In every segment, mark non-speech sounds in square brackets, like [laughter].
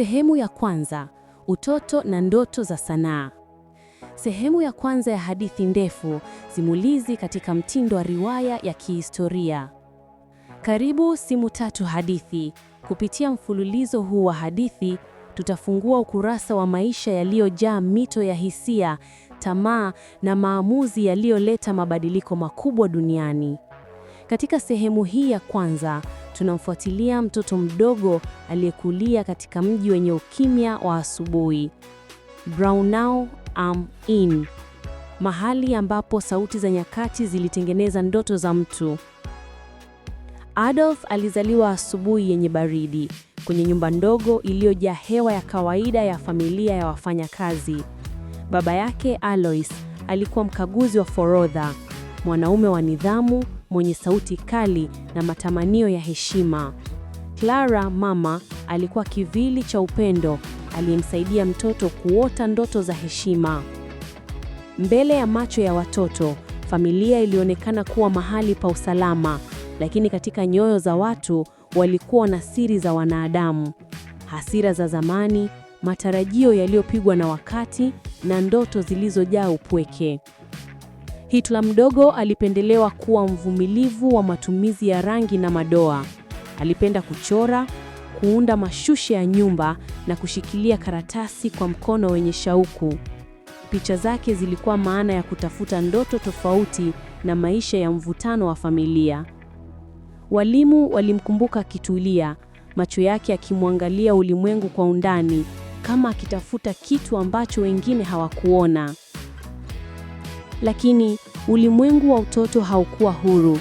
Sehemu ya kwanza: utoto na ndoto za sanaa. Sehemu ya kwanza ya hadithi ndefu, simulizi katika mtindo wa riwaya ya kihistoria. Karibu Simu Tatu Hadithi. Kupitia mfululizo huu wa hadithi, tutafungua ukurasa wa maisha yaliyojaa mito ya hisia, tamaa na maamuzi yaliyoleta mabadiliko makubwa duniani. Katika sehemu hii ya kwanza tunamfuatilia mtoto mdogo aliyekulia katika mji wenye ukimya wa asubuhi, Braunau am Inn, mahali ambapo sauti za nyakati zilitengeneza ndoto za mtu. Adolf alizaliwa asubuhi yenye baridi kwenye nyumba ndogo iliyojaa hewa ya kawaida ya familia ya wafanyakazi. Baba yake Alois alikuwa mkaguzi wa forodha, mwanaume wa nidhamu mwenye sauti kali na matamanio ya heshima. Clara mama alikuwa kivili cha upendo aliyemsaidia mtoto kuota ndoto za heshima. Mbele ya macho ya watoto, familia ilionekana kuwa mahali pa usalama, lakini katika nyoyo za watu walikuwa na siri za wanadamu, hasira za zamani, matarajio yaliyopigwa na wakati na ndoto zilizojaa upweke. Hitler mdogo alipendelewa kuwa mvumilivu wa matumizi ya rangi na madoa. Alipenda kuchora, kuunda mashushe ya nyumba na kushikilia karatasi kwa mkono wenye shauku. Picha zake zilikuwa maana ya kutafuta ndoto tofauti na maisha ya mvutano wa familia. Walimu walimkumbuka akitulia, macho yake akimwangalia ulimwengu kwa undani, kama akitafuta kitu ambacho wengine hawakuona. Lakini ulimwengu wa utoto haukuwa huru.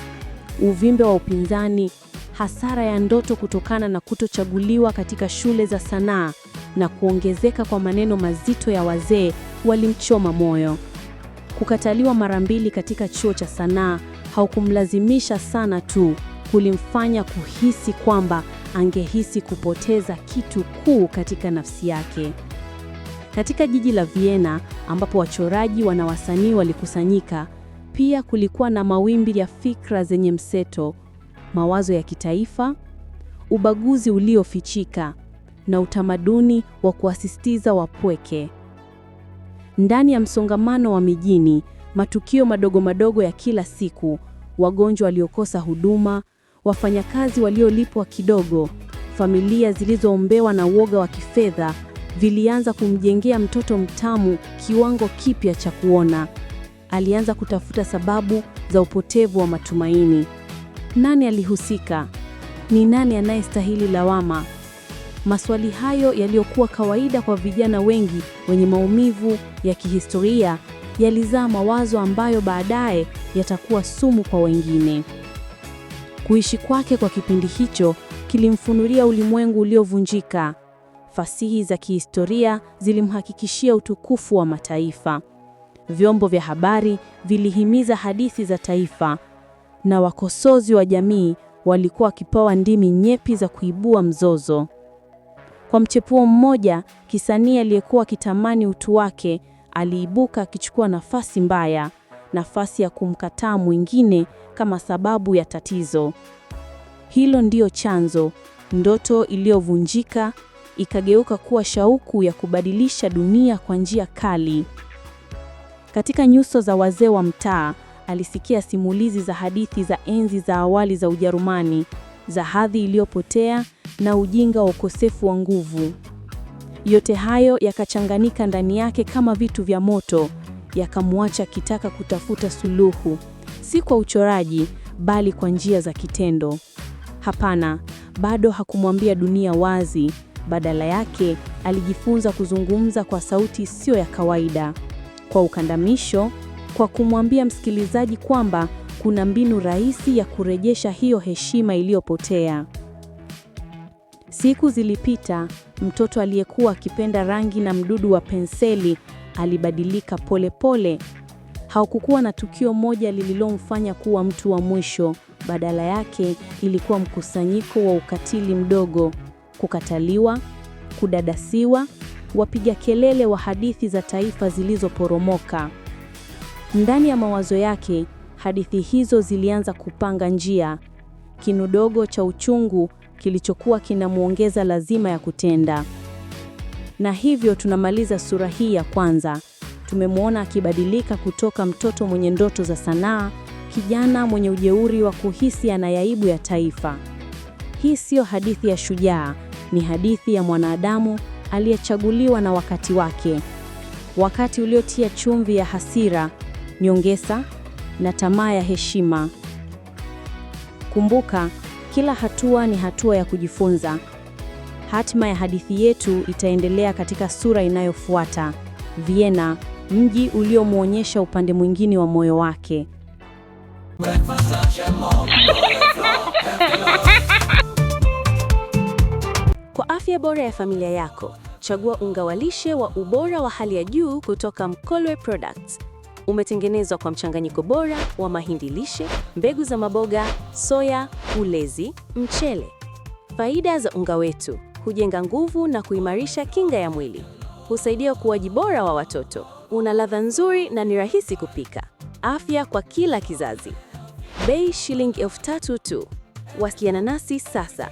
Uvimbe wa upinzani, hasara ya ndoto kutokana na kutochaguliwa katika shule za sanaa na kuongezeka kwa maneno mazito ya wazee walimchoma moyo. Kukataliwa mara mbili katika chuo cha sanaa haukumlazimisha sana tu, kulimfanya kuhisi kwamba angehisi kupoteza kitu kuu katika nafsi yake katika jiji la Vienna ambapo wachoraji wana wasanii walikusanyika. Pia kulikuwa na mawimbi ya fikra zenye mseto, mawazo ya kitaifa, ubaguzi uliofichika na utamaduni wa kuasisitiza wapweke. Ndani ya msongamano wa mijini, matukio madogo madogo ya kila siku, wagonjwa waliokosa huduma, wafanyakazi waliolipwa kidogo, familia zilizoombewa na uoga wa kifedha vilianza kumjengea mtoto mtamu kiwango kipya cha kuona. Alianza kutafuta sababu za upotevu wa matumaini. Nani alihusika? Ni nani anayestahili lawama? Maswali hayo yaliyokuwa kawaida kwa vijana wengi wenye maumivu ya kihistoria yalizaa mawazo ambayo baadaye yatakuwa sumu kwa wengine. Kuishi kwake kwa kipindi hicho kilimfunulia ulimwengu uliovunjika fasihi za kihistoria zilimhakikishia utukufu wa mataifa. Vyombo vya habari vilihimiza hadithi za taifa, na wakosozi wa jamii walikuwa wakipawa ndimi nyepi za kuibua mzozo. Kwa mchepuo mmoja, kisanii aliyekuwa akitamani utu wake aliibuka akichukua nafasi mbaya, nafasi ya kumkataa mwingine kama sababu ya tatizo. Hilo ndiyo chanzo, ndoto iliyovunjika ikageuka kuwa shauku ya kubadilisha dunia kwa njia kali. Katika nyuso za wazee wa mtaa alisikia simulizi za hadithi za enzi za awali za Ujerumani, za hadhi iliyopotea na ujinga wa ukosefu wa nguvu. Yote hayo yakachanganika ndani yake kama vitu vya moto, yakamwacha akitaka kutafuta suluhu, si kwa uchoraji, bali kwa njia za kitendo. Hapana, bado hakumwambia dunia wazi, badala yake alijifunza kuzungumza kwa sauti sio ya kawaida, kwa ukandamisho, kwa kumwambia msikilizaji kwamba kuna mbinu rahisi ya kurejesha hiyo heshima iliyopotea. Siku zilipita, mtoto aliyekuwa akipenda rangi na mdudu wa penseli alibadilika polepole pole. Haukukuwa na tukio moja lililomfanya kuwa mtu wa mwisho. Badala yake ilikuwa mkusanyiko wa ukatili mdogo kukataliwa, kudadasiwa, wapiga kelele wa hadithi za taifa zilizoporomoka. Ndani ya mawazo yake, hadithi hizo zilianza kupanga njia, kinu dogo cha uchungu kilichokuwa kinamwongeza lazima ya kutenda. Na hivyo tunamaliza sura hii ya kwanza. Tumemwona akibadilika kutoka mtoto mwenye ndoto za sanaa, kijana mwenye ujeuri wa kuhisi ana ya taifa. Hii siyo hadithi ya shujaa. Ni hadithi ya mwanadamu aliyechaguliwa na wakati wake, wakati uliotia chumvi ya hasira, nyongesa na tamaa ya heshima. Kumbuka, kila hatua ni hatua ya kujifunza. Hatima ya hadithi yetu itaendelea katika sura inayofuata, Vienna, mji uliomwonyesha upande mwingine wa moyo wake. [laughs] Kwa afya bora ya familia yako, chagua unga wa lishe wa ubora wa hali ya juu kutoka Mkolwe Products. Umetengenezwa kwa mchanganyiko bora wa mahindi lishe, mbegu za maboga, soya, ulezi, mchele. Faida za unga wetu: hujenga nguvu na kuimarisha kinga ya mwili, husaidia ukuaji bora wa watoto, una ladha nzuri na ni rahisi kupika. Afya kwa kila kizazi. Bei shilingi elfu tatu tu. Wasiliana nasi sasa.